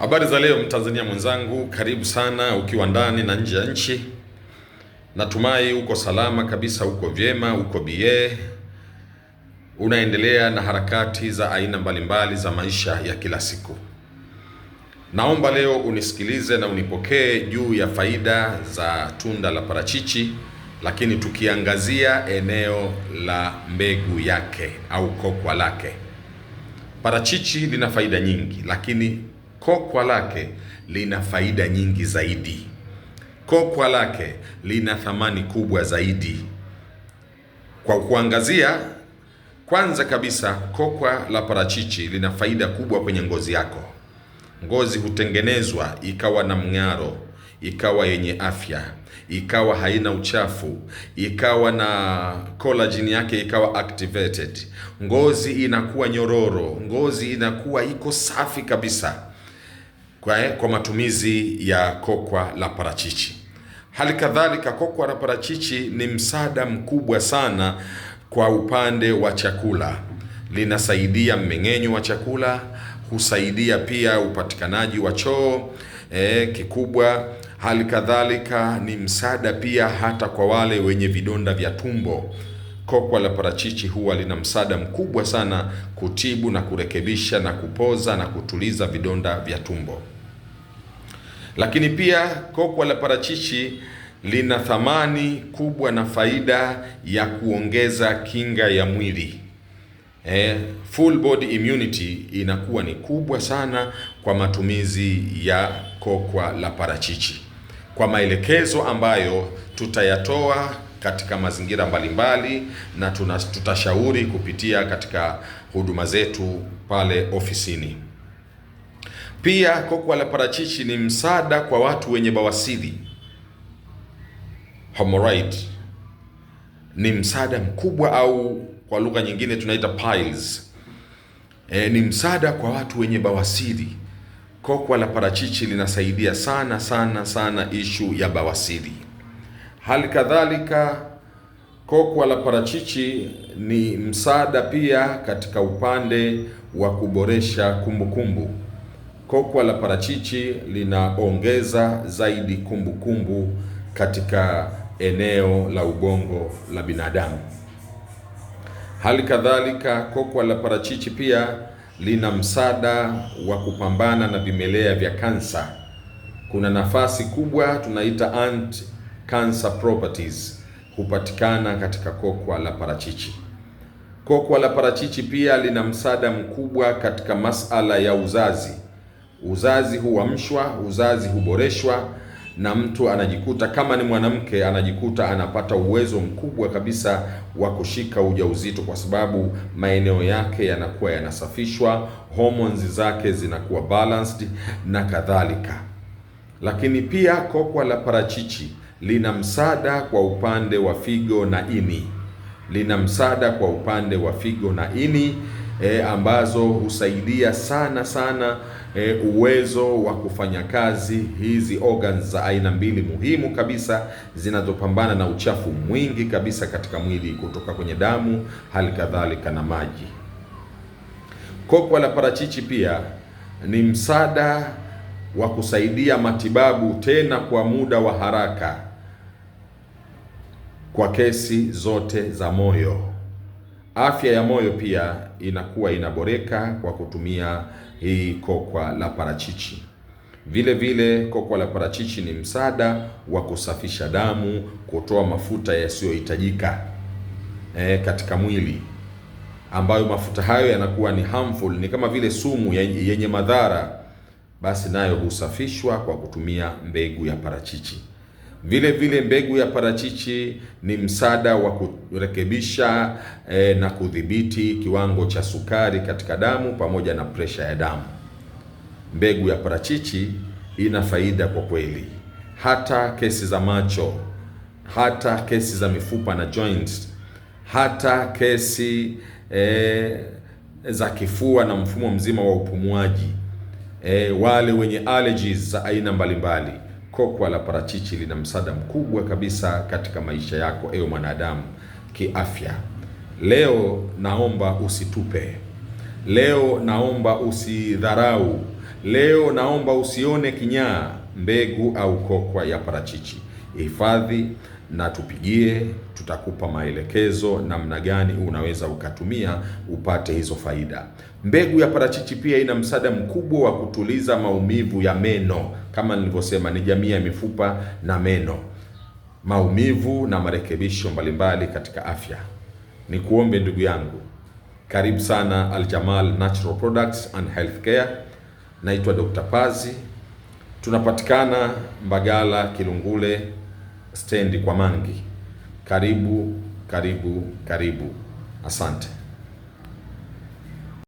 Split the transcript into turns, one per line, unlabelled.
Habari za leo Mtanzania mwenzangu, karibu sana ukiwa ndani na nje ya nchi. Natumai uko salama kabisa, uko vyema, uko bie, unaendelea na harakati za aina mbalimbali za maisha ya kila siku. Naomba leo unisikilize na unipokee juu ya faida za tunda la parachichi, lakini tukiangazia eneo la mbegu yake au kokwa lake. Parachichi lina faida nyingi, lakini kokwa lake lina faida nyingi zaidi. Kokwa lake lina thamani kubwa zaidi. Kwa kuangazia kwanza kabisa, kokwa la parachichi lina faida kubwa kwenye ngozi yako. Ngozi hutengenezwa ikawa na mng'aro, ikawa yenye afya, ikawa haina uchafu, ikawa na collagen yake ikawa activated, ngozi inakuwa nyororo, ngozi inakuwa iko safi kabisa kwa, eh, kwa matumizi ya kokwa la parachichi. Hali kadhalika kokwa la parachichi ni msaada mkubwa sana kwa upande wa chakula, linasaidia mmeng'enyo wa chakula, husaidia pia upatikanaji wa choo e, kikubwa. Hali kadhalika ni msaada pia hata kwa wale wenye vidonda vya tumbo. Kokwa la parachichi huwa lina msaada mkubwa sana kutibu na kurekebisha na kupoza na kutuliza vidonda vya tumbo. Lakini pia kokwa la parachichi lina thamani kubwa na faida ya kuongeza kinga ya mwili. Eh, full body immunity inakuwa ni kubwa sana kwa matumizi ya kokwa la parachichi. Kwa maelekezo ambayo tutayatoa katika mazingira mbalimbali, na tuna tutashauri kupitia katika huduma zetu pale ofisini. Pia kokwa la parachichi ni msaada kwa watu wenye bawasiri hemorrhoid, ni msaada mkubwa au kwa lugha nyingine tunaita piles. E, ni msaada kwa watu wenye bawasiri. Kokwa la parachichi linasaidia sana sana sana ishu ya bawasiri. Hali kadhalika kokwa la parachichi ni msaada pia katika upande wa kuboresha kumbukumbu kumbu. Kokwa la parachichi linaongeza zaidi kumbukumbu kumbu katika eneo la ubongo la binadamu. Hali kadhalika kokwa la parachichi pia lina msaada wa kupambana na vimelea vya kansa. Kuna nafasi kubwa tunaita anti cancer properties hupatikana katika kokwa la parachichi. Kokwa la parachichi pia lina msaada mkubwa katika masala ya uzazi. Uzazi huamshwa, uzazi huboreshwa, na mtu anajikuta kama ni mwanamke anajikuta anapata uwezo mkubwa kabisa wa kushika ujauzito, kwa sababu maeneo yake yanakuwa yanasafishwa, hormones zake zinakuwa balanced na kadhalika. Lakini pia kokwa la parachichi lina msaada kwa upande wa figo na ini, lina msaada kwa upande wa figo na ini e, ambazo husaidia sana sana e, uwezo wa kufanya kazi hizi organs za aina mbili muhimu kabisa zinazopambana na uchafu mwingi kabisa katika mwili kutoka kwenye damu, hali kadhalika na maji. Kokwa la parachichi pia ni msaada wa kusaidia matibabu tena kwa muda wa haraka kwa kesi zote za moyo. Afya ya moyo pia inakuwa inaboreka kwa kutumia hii kokwa la parachichi. Vile vile kokwa la parachichi ni msaada wa kusafisha damu, kutoa mafuta yasiyohitajika e, katika mwili ambayo mafuta hayo yanakuwa ni harmful, ni kama vile sumu yenye madhara, basi nayo husafishwa kwa kutumia mbegu ya parachichi. Vile vile mbegu ya parachichi ni msaada wa kurekebisha e, na kudhibiti kiwango cha sukari katika damu pamoja na presha ya damu. Mbegu ya parachichi ina faida kwa kweli, hata kesi za macho, hata kesi za mifupa na joints, hata kesi e, za kifua na mfumo mzima wa upumuaji, e, wale wenye allergies za aina mbalimbali kokwa la parachichi lina msaada mkubwa kabisa katika maisha yako, ewe mwanadamu, kiafya. Leo naomba usitupe, leo naomba usidharau, leo naomba usione kinyaa mbegu au kokwa ya parachichi. Hifadhi na tupigie, tutakupa maelekezo namna gani unaweza ukatumia upate hizo faida. Mbegu ya parachichi pia ina msaada mkubwa wa kutuliza maumivu ya meno, kama nilivyosema, ni jamii ya mifupa na meno, maumivu na marekebisho mbalimbali katika afya. Nikuombe ndugu yangu, karibu sana Aljamal Natural Products and Healthcare. Naitwa Dr. Pazi, tunapatikana Mbagala Kilungule stendi kwa Mangi. Karibu, karibu, karibu. Asante.